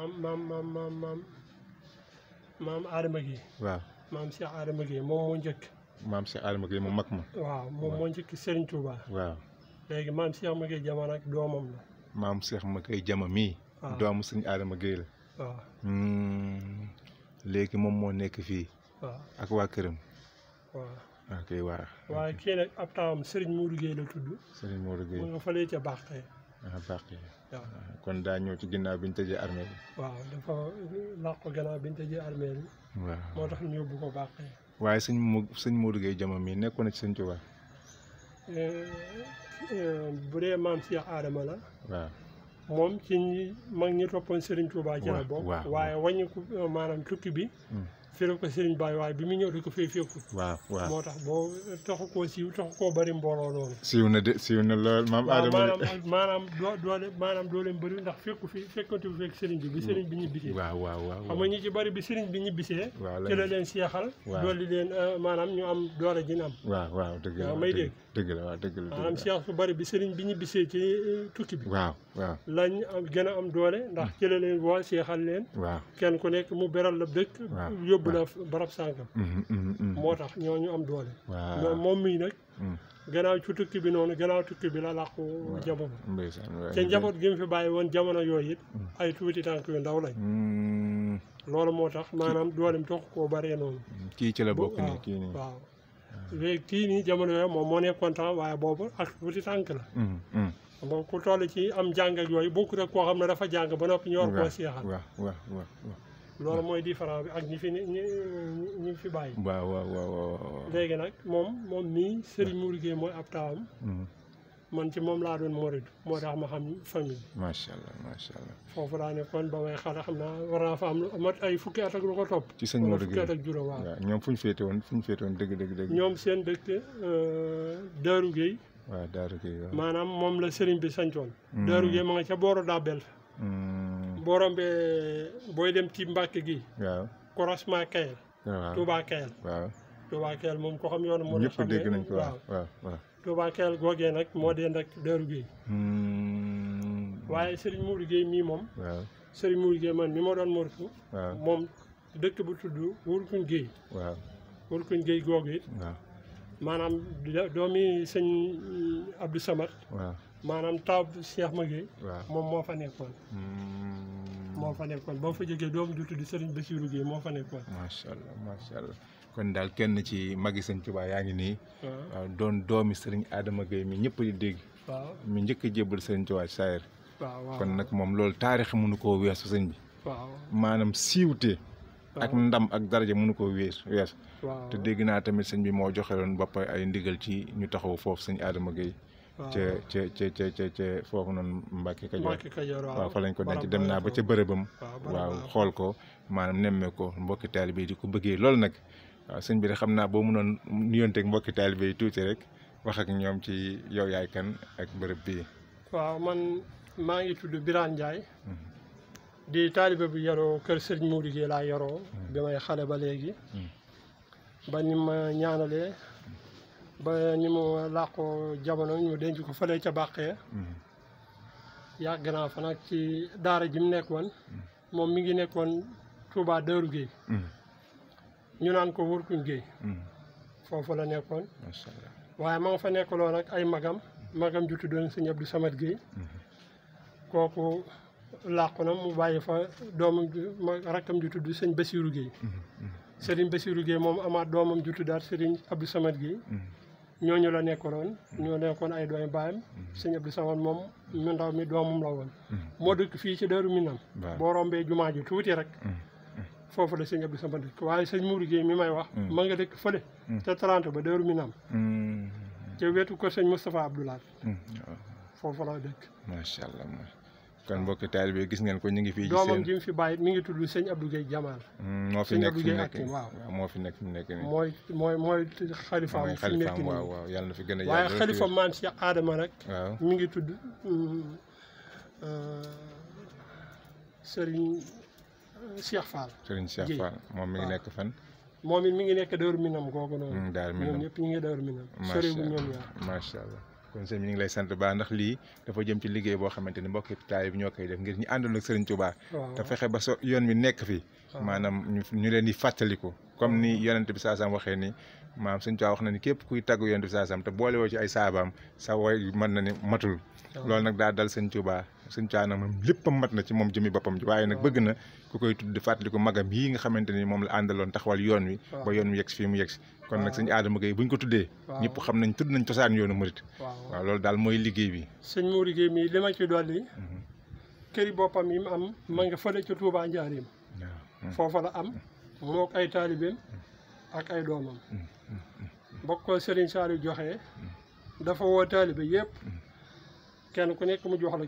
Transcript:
maam maam maam maam maam maam Adama Gueye. waaw maam Cheikh Adama Gueye moom moo njëkk. maam Cheikh Adama Gueye mu mag ma. waaw moom moo njëkk Serigne Touba. waaw léegi maam si ma Gueye jamono ak doomam la. maam Cheikh ma Gueye jama mii. waaw doomu Adama Gueye la. waaw hmm. léegi moom moo nekk fii. waaw ak waa këram. waaw ok waaw. waaye kii nag ab taawam Serigne Modou Gueye la tudd. Serigne Modou Gueye mu nga fële ca Baaxee. Ah, bàq yi ah, kon daa ñëw ci ginnaaw bi ñu tëjee armée bi waaw dafa làqu gannaaw bi ñu tëjee armée bi moo tax ñu yóbbu ko bàq yi waaye suñ mu sëñ Modou Gueye jamo mii nekkoon na ci sëñ Tuubaa eh, eh, bu dee maam Cheikh Adama la moom ci ñi mag ñi toppoon Serigne Touba ci la bokk waaye wàññi ko eh, maanaam tukki bi hmm. firoog ko sëriñ bi mu ñëw ko fee fépp. waaw waaw moo tax boo taxu koo siiw taxu koo bëri mbooloo na de na lool maam Adama. doo maanaam doo leen bëri ndax fekku fi fekkati fi bi bi sëriñ bi ñibbisee. waaw waaw waaw xam nga ñi ci bëri bi sëriñ bi ñibbisee. waaw la leen seexal. waaw dolli leen euh, maanaam ñu am doole ji ñu am. waaw waaw dëgg la may dégg. dëgg la waaw dëgg la maanaam seex su bëri bi sëriñ bi ñibbisee ci euh, tukki bi. waaw waaw lañ gën a am doole ndax ci la leen woo seexal leen. waaw kenn ku nekk mu beral la dëkk. yóbbu dugg na barab sàngam. Mhm, mhm, mhm. moo tax ñooñu am doole. waaw moom mii nag. Mm. gannaaw ci tukki bi noonu gannaaw tukki bi la làqu jamono. te njaboot gi mu fi bàyyi woon jamono yooyu it. Mm. ay tuuti tànk yu ndaw lañ. Mm. lool moo tax maanaam doolem toog koo baree noonu. kii ci la bokk nii kii nii ah. kii nii jamono yooyu moom moo nekkoon temps waaye boobu ak tuuti tànk la. moom ku toll ci am jàng ak yooyu bokkut ak koo xam ne dafa jàng ba noppi. ñor koo seexal loolu mooy di différence bi ak ñi fi ñi ñi fi bàyyi. waaw waaw waaw waaw. léegi nag moom moom mii sëriñ Mouride Gueye mooy ab taawam. Mm-hmm. man ci moom laa doon moritu moo tax ma xam famille. macha allah macha allah. foofu daa ne kon ba may xale xam naa war naa fa am mat ay fukki at ak lu ko topp. ci sëñ Modou Gueye fukki at juróom waaw. ñoom fu ñu féete woon fu ñu féete woon dëgg dëgg dëgg. ñoom seen dëkk euh, Darou Gueye. waaw Darou Gueye maanaam moom la Serigne bi sancoon. Mm-hmm. Darou Gueye ma ca booru Dabel. boo rombee booy dem ci Mbàkke gi. waaw croisement Kayel. waaw Touba Kayel. waaw moom ko xam yoonu. moo ne ñëpp dégg nañ ko waaw waaw. Touba googee nag moo dee nag Daaru Gueye. Hmm. waaye Serigne Mourou Gueye mii moom. waaw Serigne Mourou Gueye man mi ma doon mortu. waaw moom dëkk bu tudd Wulkuñ Gueye. waaw Wulkuñ Gueye googu it. maanaam doomi sëñ Abdou maanaam taw Cheikh Maguette. waaw moom moo fa nekkoon. Hmm. moo fa nekkoon boo fa jegee doom ju tudd Serigne Bassirou Guèye moo fa nekkoon. macha allah macha allah kon daal kenn ci magi Serigne Touba yaa ngi nii. waaw doon doomi Serigne Adama Guèye mi ñëpp di dégg. mi njëkk a jébbal Serigne Touba saayir. waaw kon nag moom loolu taarix mënu koo weesu sëñ bi. waaw maanaam siiwte. ak ndam ak daraja mënu koo wees wees. te dégg naa tamit sëñ bi moo joxe loon bopp ay ndigal ci ñu taxaw foofu sëñ Adama Guèye. ca ca ca ca ca foofu noonu Mbacke Kajoor waaw fa lañ ko denc dem naa ba ca bërëbam waaw xool ko maanaam nemmee ko mbokki taalibe yi di ko bëggee loolu nag waaw bi xam naa boo mënoon nuyonteeg mbokki taalibe yi tuuti rek wax ñoom ci yow yaay kan ak bërëb bii waaw man maa ngi tudd Birane Ndiaye mhm. di taalibe bu yaroo kër sëriñ Mouride Gueye laa yaroo mhm. bi may xale ba léegi mhm. ba ni ma ñaanalee ba ñu mu làqoo jamono ñu denc ko fële ca bàqee mhm. yàgg naa fa nag ci daara ji mu nekkoon mhm. moom mi ngi nekkoon Touba Dëru Guèye mhm. ñu naan ko wurkuñ Guèye foofu la nekkoon waaye ma nga fa nekkaloo nag ay magam magam ju tuddoon sëñ Abdou Samad Guèye kooku làqu na mu bàyyi fa doomam rakkam ju tudd sëñ Basirou Guèye Serigne Basirou moom amaat doomam ju tuddaat Serigne Abdou ñooñu la nekkoon ñoo nekkoon ay doomi baayam sëñ Abdou moom mi ndaw mi doomam la woon mm-hmm. moo dëkk fii ci Daaru Minam boo rombee jumaa ji tuuti rek mm-hmm. foofu la sëñ Abdou Samad dëkk waaye sëñ Mourou Guèye mi may wax mm-hmm. ma nga dëkk fële te trente ba Daaru Minam te wetu ko sëñ Moustapha Abdoulaye foofu la dëkk kon mbokki taalibe bi gis ngeen ko ñu ngi fii. doomam ji mu fi bàyyi mi ngi tudd sëñ Abdou Guèye mm, moo fi nekk fi nekk waaw moo fi nekk mooy mooy xalifaam fi yàlla na fi gën a. waaye xalifa maam Adama rek. waaw mi ngi tudd mm, uh, Serigne uh, Cheikh Fall. Serigne Cheikh Fall moom mi ngi nekk fan. moom it mu ngi nekk Daaru Minam googu noonu. Mm, Daaru Minam ñoom ñu ngi Daaru Minam. macha allah sori bu ñoom ñaar. kon sëñ bi ñu ngi lay sant baa ndax lii dafa jëm ci liggéey boo xamante ni mbokk taalibe bi ñoo koy def ngir ñu àndoon ak Sëriñ Tuubaa te fexe ba so yoon wi nekk fi maanaam ñu leen di fàttaliku comme ni yonent bi saasam waxee ni maam Sëriñ Tuubaa wax na ni képp kuy taggu yonent bi saasam te boole woo ci ay saabaam sa woy mën na ni matul loolu nag daal dal Sëriñ Tuubaa sëñ Caana moom léppam mat na ci moom jëmi boppam waaye nag bëgg na ku koy tudd di ko magam yi nga xamante ni moom la àndaloon taxawal yoon wi ba yoon wi yegg si fii mu yegg kon nag sëñ Adama Gueye buñ ko tuddee ñëpp xam nañ tudd nañ cosaan yoonu murit waaw loolu daal mooy liggéey bi sëñ moo liggéey mi li ma ci dolli mhm. këri boppam yi mu am ma nga fële ca Touba Njaareem mhm. foofa la am mook ay taalibeem mhm. ak ay doomam bokkoo Serigne Saliou joxe dafa woo taalibe yëpp kenn ku nekk mu